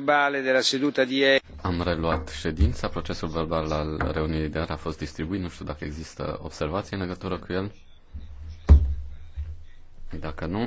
verbale seduta ieri. Am reluat ședința, procesul verbal al reuniunii de ieri a fost distribuit, nu știu dacă există observații în legătură cu el. Dacă nu,